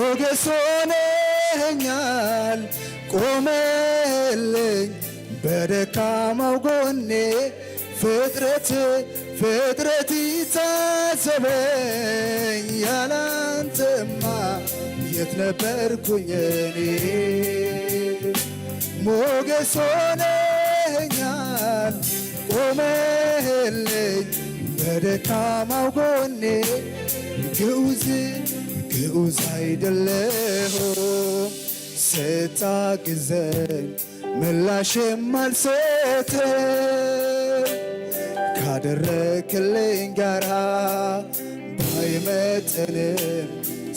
ሞገስ ሆነኛል ቆመልኝ በደካማው ጎኔ ፍጥረት ፍጥረት ይታዘበኝ ያላንተማ የት ነበርኩኝ እኔ ሞገስ ሆነኛል ቆመልኝ በደካማው ጎኔ ግውዝ ግዑዝ አይደለሁም ስታግዘኝ ምላሽ የማልሰጥ ካደረክልኝ ጋራ ባይመጠንም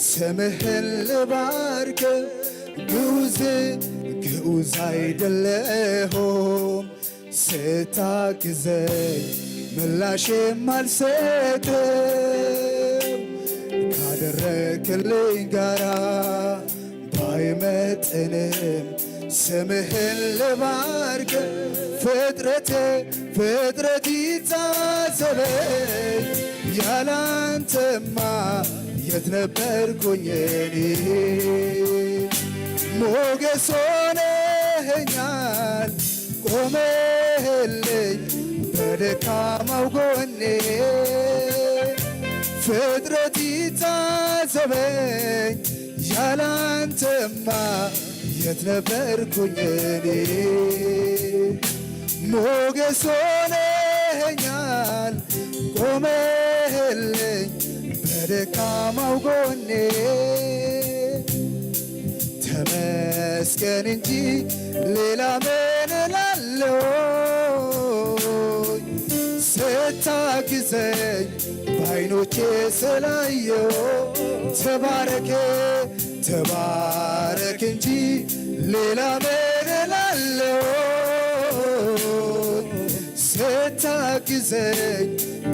ስምህን ልባርክ። ግዑዝ ግዑዝ አይደለሁም ስታግዘኝ ምላሽ የማልሰጥ ካደረክልኝ ጋራ ባይመጥንም ስምህን ልባርክ ፍጥረት ፍጥረት ይታዘበኝ ያላንተማ የት ነበርኩኝ እኔ ሞገስ ሆነኸኛል ቆመህልኝ በደካማው ጎኔ ሲታዘበኝ ያላንተማ የት ነበርኩኝ እኔ? ሞገስ ሆነኸኛል ቆመህልኝ በደካማው ጎኔ። ተመስገን እንጂ ሌላ ምን እላለሁ የምታግዘኝ በዓይኖቼ ስላየው ተባረከ ተባረክ እንጂ ሌላ ምን እላለሁ? ስታግዘኝ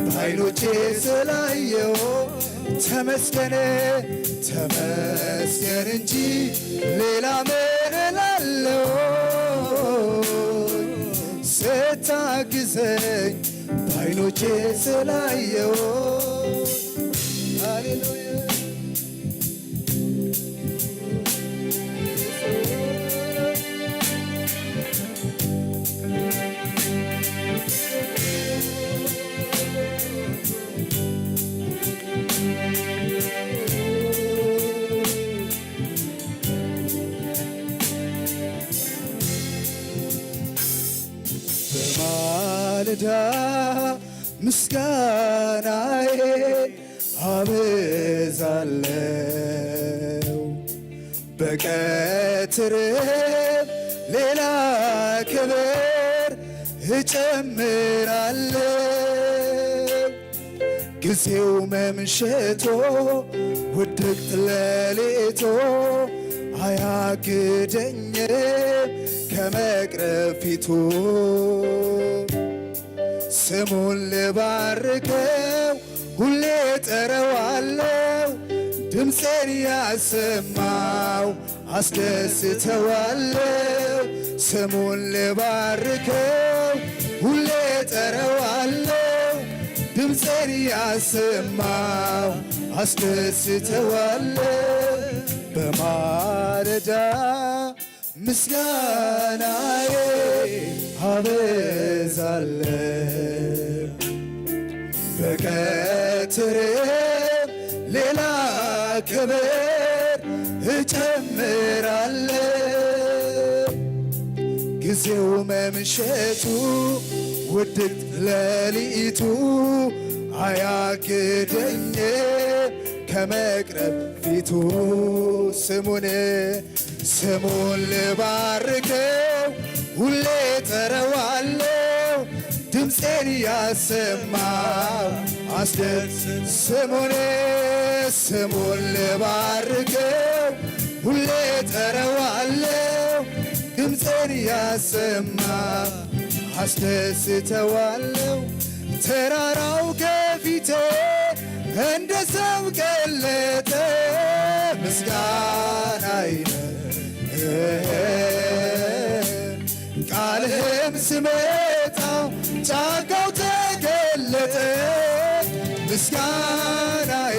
በዓይኖቼ ስላየው ተመስገን ተመስገን እንጂ ሌላ ምን እላለሁ? ስታግዘኝ አይኖቼ ስላየው ሃሌሉያ ጊዜው መምሸቶ ውድቅት ለሌቶ አያግደኝ ከመቅረብ ፊቱ ስሙን ልባርከው ሁሌ ጠረዋለው ድምፄን ያሰማው አስደስተዋለው ስሙን ልባርከው ሁሌ ጠረዋ ድምፄን ያሰማው አስደስተዋለ በማረዳ ምስጋናዬ አበዛለ በቀትሬ ሌላ ክብር ጊዜው መምሸቱ ውድቅ ለሊቱ አያግደኝ ከመቅረብ ፊቱ ስሙን ስሙን ልባርከው ሁሌ ጠረዋለው ድምፄን ያሰማ አስደስ ስሙን ስሙን ልባርከው ሁሌ ጠረዋለው ድምፄን ያሰማ አስደስተዋለው ተራራው ከፊቴ እንደ ሰም ቀለጠ። ምስጋናይነ ቃልህም ስመጣው ጫካው ተገለጠ። ምስጋናዬ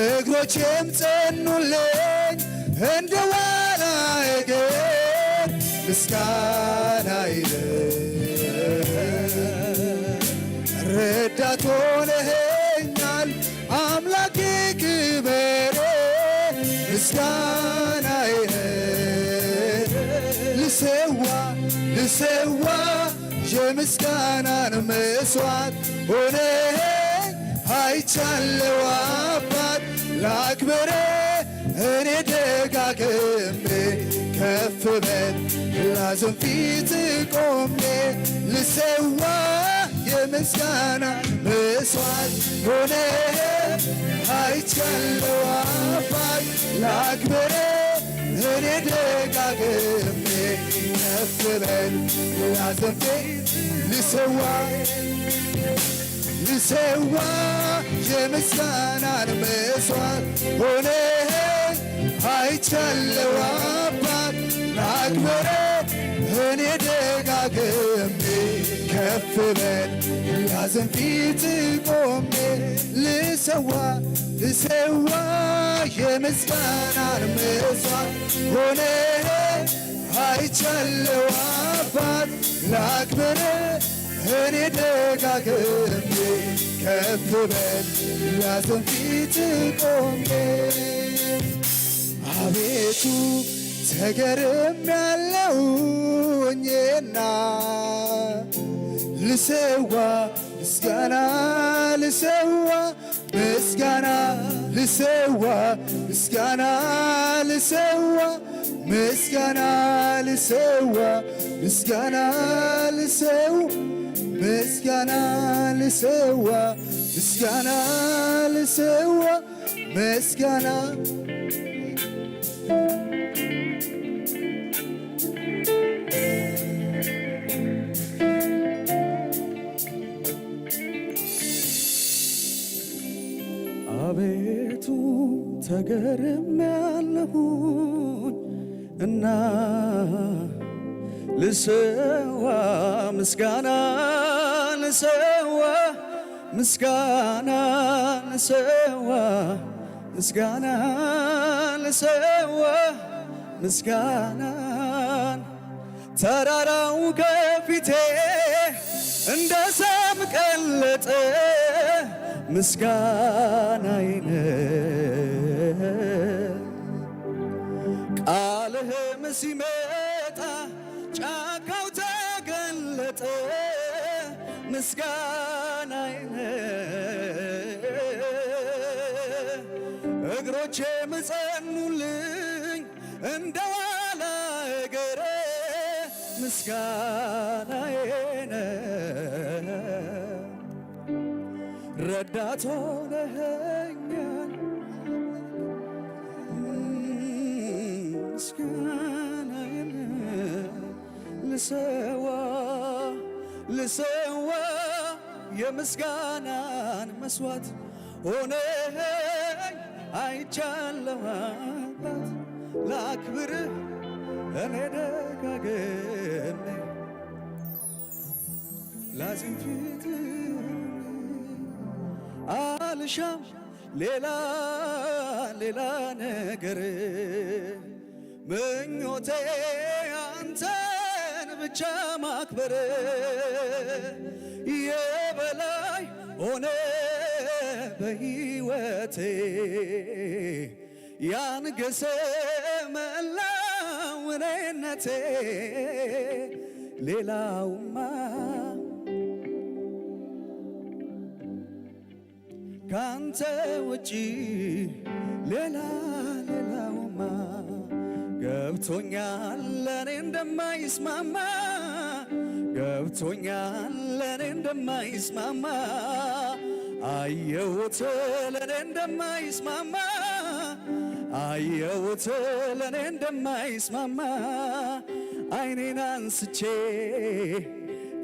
እግሮቼም ጸኑልኝ እንደ ዋና ገር ምስጋና ይለ ረዳት ሆነኸኛል አምላኬ ክብሬ ምስጋና ይለ ልሰዋ ልሰዋ የምስጋናን መስዋዕት ሆነ አይቻለው አባት ላክብረ እኔ ደጋግሜ ከፍ በል ላዘን ፊት ቆሜ ልሰዋ የምስጋና መስዋዕት ሆነ አይቻለው አባት እኔ ደጋግሜ ከፍ በል ላዘን ፊት ልሰዋ ልሰዋ የምስጋናን መስዋዕት አይቻለው አባት ላክብረ እኔ ደጋግሜ ከፍ በል ያዘን ፊት ቆሜ ልሰዋ ልሰዋ የምስጋናን መስዋዕት ሆነ አይቻለው አባት ላክብረ እኔ ደጋግሜ ከፍ በል ያዘን ፊት ቆሜ አቤቱ ተገርም ያለው እኔና ልሰዋ ምስጋና ልሰዋ ምስጋና ልሰዋ ምስጋና ልሰዋ ምስጋና ልሰዋ ምስጋና ልሰው ምስጋና ልሰዋ ምስጋና ልሰዋ ምስጋና አቤቱ ተገርም ያለሁኝ እና ልሰዋ ምስጋና ልሰዋ ምስጋና ልሰዋ ምስጋናን ልሰዋ ምስጋናን ተራራው ከፊቴ እንደ ሰም ቀለጠ። ምስጋናዬን ቃልህም ሲመጣ ጫካው ተገለጠ። ምስጋና መቼም ጸኑልኝ እንደ ዋላ ምስጋናዬ ረዳት ሆነኸኛል ልሰዋ ልሰዋ የምስጋናን መስዋዕት ሆነ ተገኝቻለሁ አባት ላክብርህ እኔ ደጋግሜ ላዚም ፊት አልሻም ሌላ ሌላ ነገር ምኞቴ አንተን ብቻ ማክበር የበላይ ሆነ በሕይወቴ ያንገሰ መላው እኔነቴ ሌላውማ ካንተ ውጪ ሌላ ሌላውማ ገብቶኛል ለኔ እንደማይስማማ ገብቶኛል ለኔ እንደማይስማማ አየሁት ለእኔ እንደማይስማማ አየሁት ለእኔ እንደማይስማማ አይኔን አንስቼ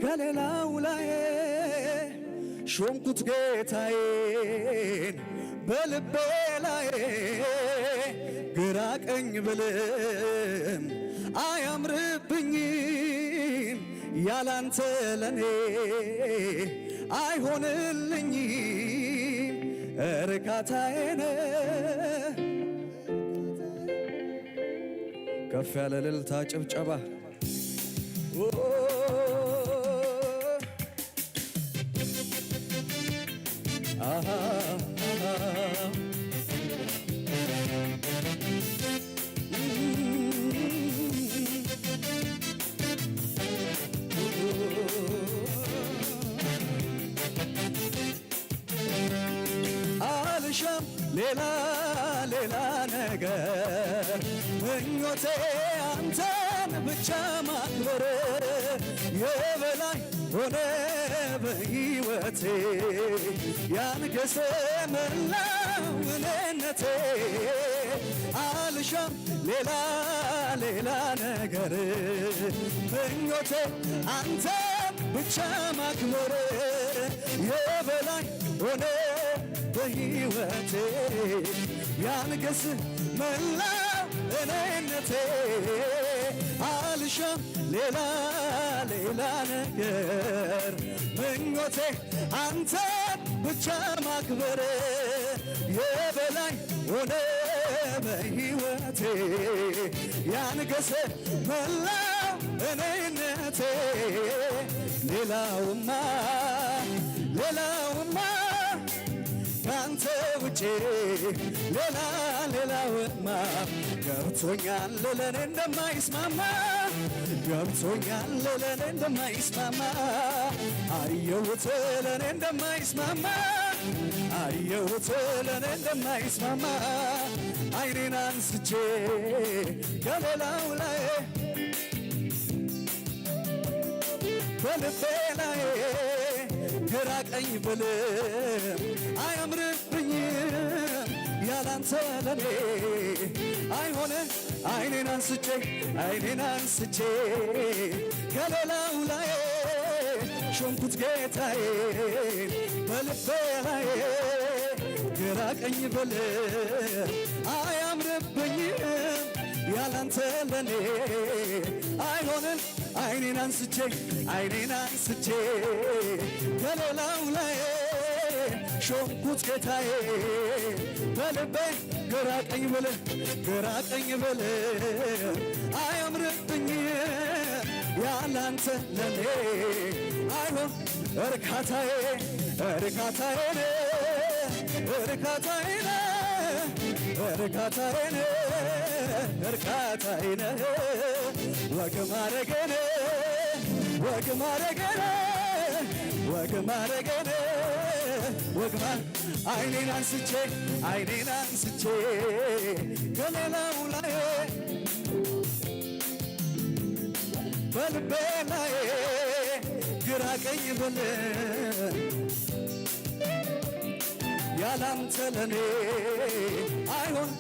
ከሌላው ላይ ሾምኩት ጌታዬን በልቤ ላይ ግራ ቀኝ ብልም አያምርብኝም ያላንተ ለኔ አይሆንልኝ እርካታዬን ከፍ ያለ ልልታ ጭብጨባ አሃ ሌላ ሌላ ነገር ምኞቴ አንተን ብቻ ማክበር የበላይ ሆነ በሕይወቴ ያንገሰ መላው እኔነቴ አልሻም ሌላ ሌላ ነገር ምኞቴ አንተን ብቻ ማክበር የበላይ ሆነ በሕይወቴ ያንገስ መላ እኔነቴ አልሻም ሌላ ሌላ ነገር ምኞቴ አንተ ብቻ ማክበር የበላይ ሆነ በሕይወቴ ያንገስ መላ እኔነቴ ሌላውማ ሌላው ከውጭ ሌላ ሌላውማ ገብቶኛል ለእኔ እንደማይስማማ ገብቶኛል ለእኔ እንደማይስማማ አየሁት ለእኔ እንደማይስማማ አየሁት ለእኔ እንደማይስማማ አይኔን አንስቼ ከሌላው ላይ በልቤ ላይ ግራቀኝ ብልም አያምርብ ያላንተ ለኔ አይሆነ አይኔን አንስቼ አይኔን አንስቼ ከሌላው ላይ ሾምኩት ጌታዬ በልቤ ላይ ግራ ቀኝ በል አያምርብኝም ያላንተ ለኔ አይሆንም አይኔን አንስቼ አይኔን አንስቼ ከሌላው ላይ ሾምኩት ጌታዬ በልቤ ግራ ቀኝ ብል ግራ ቀኝ ብል አያምርብኝ ያላንተ ለኔ አይሆን እርካታዬ እርካታዬ እርካታዬ እርካታዬ እርካታዬ ወግ ማረገነ ወግ ማረገነ ወግ ማረገነ ወግባ አይኔን አንስቼ አይኔን አንስቼ ከሌላው ላይ በልቤ ላይ ግራ ቀኝ በል ያላንተ ለኔ አይሆን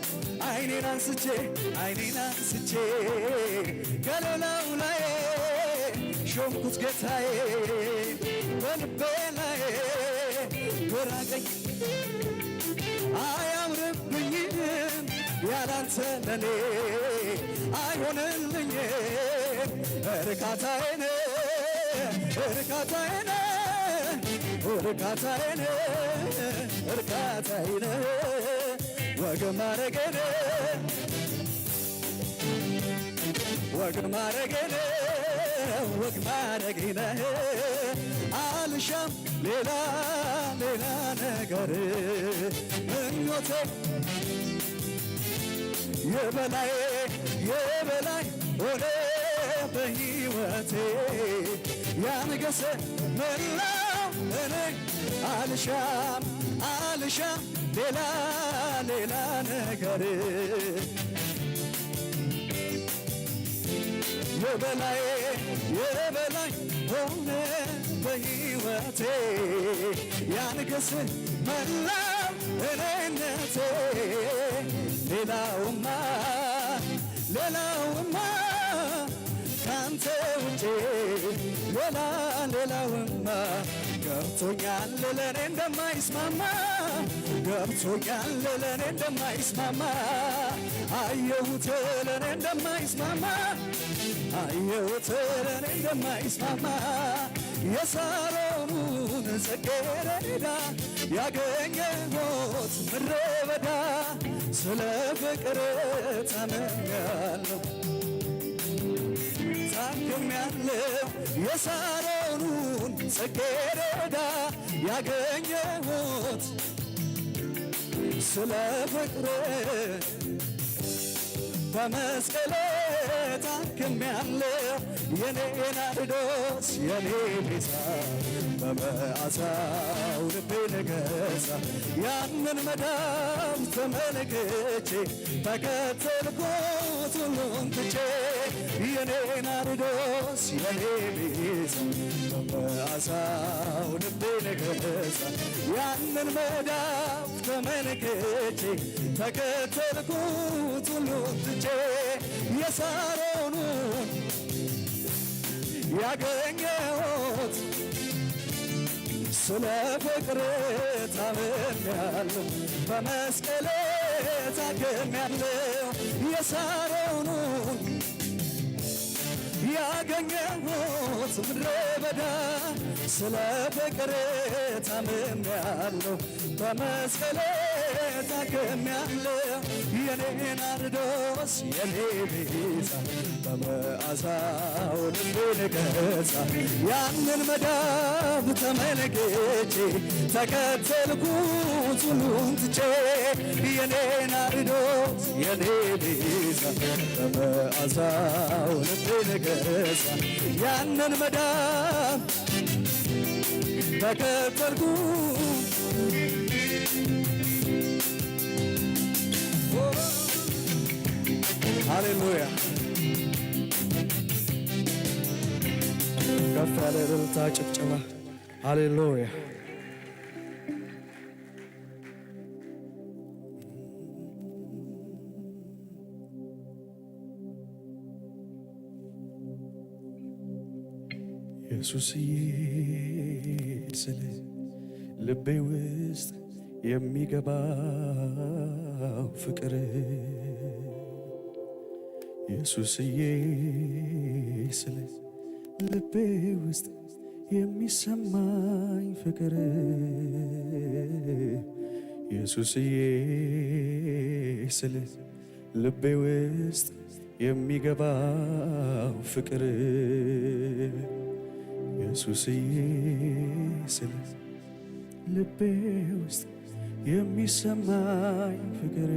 አይኔን አንስቼ አይኔን አንስቼ ከሌላው ላይ ሾምኩት ጌታዬ በልቤ ራቀኝ አያምርብኝም ያላንተ ለኔ አይሆንልኝም እርካታዬን እርካታዬን እርካታዬን እርካታዬን ወግ ማረገን ወግ ማረገን ወግ ማረገን አልሻም ሌላ ሌላ ነገር ምኞቴ የበላይ የበላይ ሆነ በሕይወቴ ያነገሰ መላው እኔ አልሻም አልሻም ሌላ ሌላ ነገር የበላይ የበላይ ሆነ በሕይወቴ ያንገስ መላው እኔነቴ ሌላውማ ሌላውማ ካንተ ውጪ ሌላ ሌላውማ ገብቶኛል ለእኔ እንደማይስማማ ገብቶኛል ለእኔ እንደማይስማማ አየሁት ለእኔ እንደማይስማማ አየሁት ለእኔ እንደማይስማማ የሳሮሙን ጽጌረዳ ያገኘሁት ምድረ በዳ ስለ ፍቅር ታምኛለሁ የሳሮኑን ጽጌረዳ ያገኘሁት ስለ ፍቅር በመስቀሌ የኔ ናርዶስ የኔ ቤዛ በመዓዛው ልቤን ያንን ተመልክቼ ተከተልኩት ሁሉን ትቼ የኔ ናርዶስ የኔ ቤዛ በመዓዛው ያንን ተመልክቼ ተከተልኩት ሁሉን ትቼ የሳሮ ያገኘሁት ስለ ፍቅር ታምሜያለሁ፣ በመስቀል ታክሜያለሁ። የሳረውኑን ያገኘሁት ምድረ በዳ ስለ ፍቅር ታምሜያለሁ፣ በመስቀሌ ተጠቅሜያለ የኔ ናርዶስ የኔ ቤዛ በመዓዛው ልቤን ገዛ ያንን መዳብ ተመልክቼ ተከተልኩት ሁሉን ትቼ የኔ ናርዶስ የኔ ቤዛ በመዓዛው ልቤን ገዛ ያንን መዳብ ተከተልኩት هللويا ከፍ ያለ እልልታ ጭብጨባ ሃሌሉያ ኢየሱስዬ ስል ልቤ ውስጥ የሚገባው ፍቅር ኢየሱስዬ ስለ ልቤ ውስጥ የሚሰማኝ ፍቅር ኢየሱስዬ ስለ ልቤ ውስጥ የሚገባው ፍቅር ኢየሱስዬ ስለ ልቤ ውስጥ የሚሰማኝ ፍቅር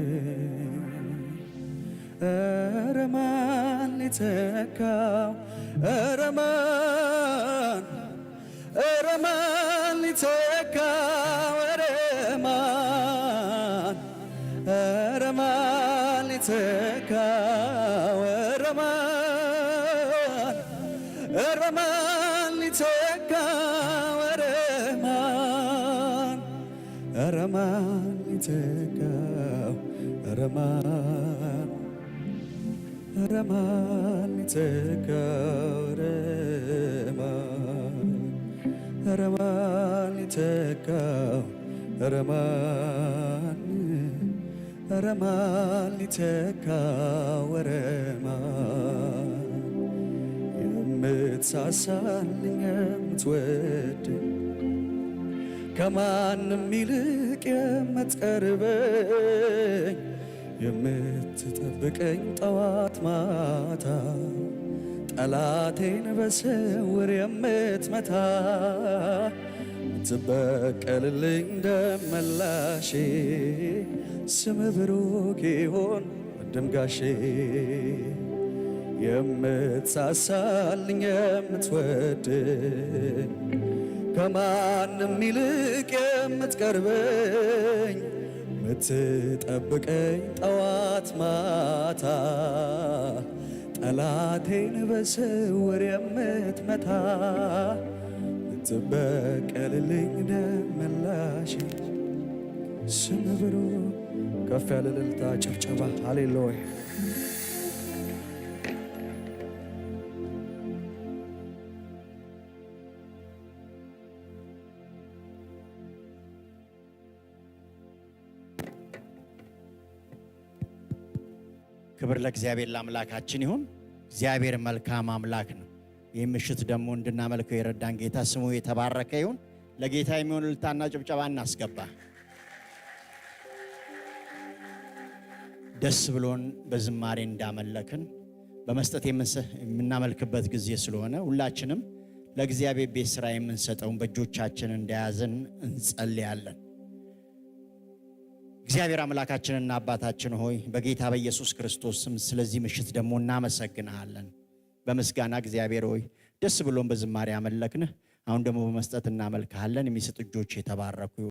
እረ ማን ሊተካው እረ ማን እረ ማን ሊተካው እረ ማን እረ ማን ሊተካው እረ ማን እረ ማን ሊተካው እረ ማን እረ ማን ሊተካው እረ ማን ረማን ተካው ረማን ረማን ተካው ረማን ረማን ተካው ረማን የምትሳሳልኝ የምትወድ ከማንም ይልቅ የምትቀርበኝ የምትጠብቀኝ ጠዋት ማታ ጠላቴን በስውር የምትመታ የምትበቀልልኝ ደመላሼ ስም ብሩክ ይሆን ወንድምጋሼ የምትሳሳልኝ የምትወድኝ ከማንም ይልቅ የምትቀርበኝ ምትጠብቀኝ ጠዋት ማታ ጠላቴን በስውር የምትመታ ምትበቀልልኝ ደመላሽ ስም ብሩ ከፍ ያለ እልልታ ጭብጨባ ሃሌሉያ ክብር ለእግዚአብሔር ለአምላካችን ይሁን። እግዚአብሔር መልካም አምላክ ነው። ይህ ምሽት ደግሞ እንድናመልከው የረዳን ጌታ ስሙ የተባረከ ይሁን። ለጌታ የሚሆን እልልታና ጭብጨባ እናስገባ። ደስ ብሎን በዝማሬ እንዳመለክን በመስጠት የምናመልክበት ጊዜ ስለሆነ ሁላችንም ለእግዚአብሔር ቤት ስራ የምንሰጠውን በእጆቻችን እንደያዝን እንጸልያለን። እግዚአብሔር አምላካችንና አባታችን ሆይ በጌታ በኢየሱስ ክርስቶስ ስም ስለዚህ ምሽት ደግሞ እናመሰግንሃለን። በምስጋና እግዚአብሔር ሆይ ደስ ብሎን በዝማሬ አመለክንህ። አሁን ደግሞ በመስጠት እናመልክሃለን። የሚሰጥ እጆች የተባረኩ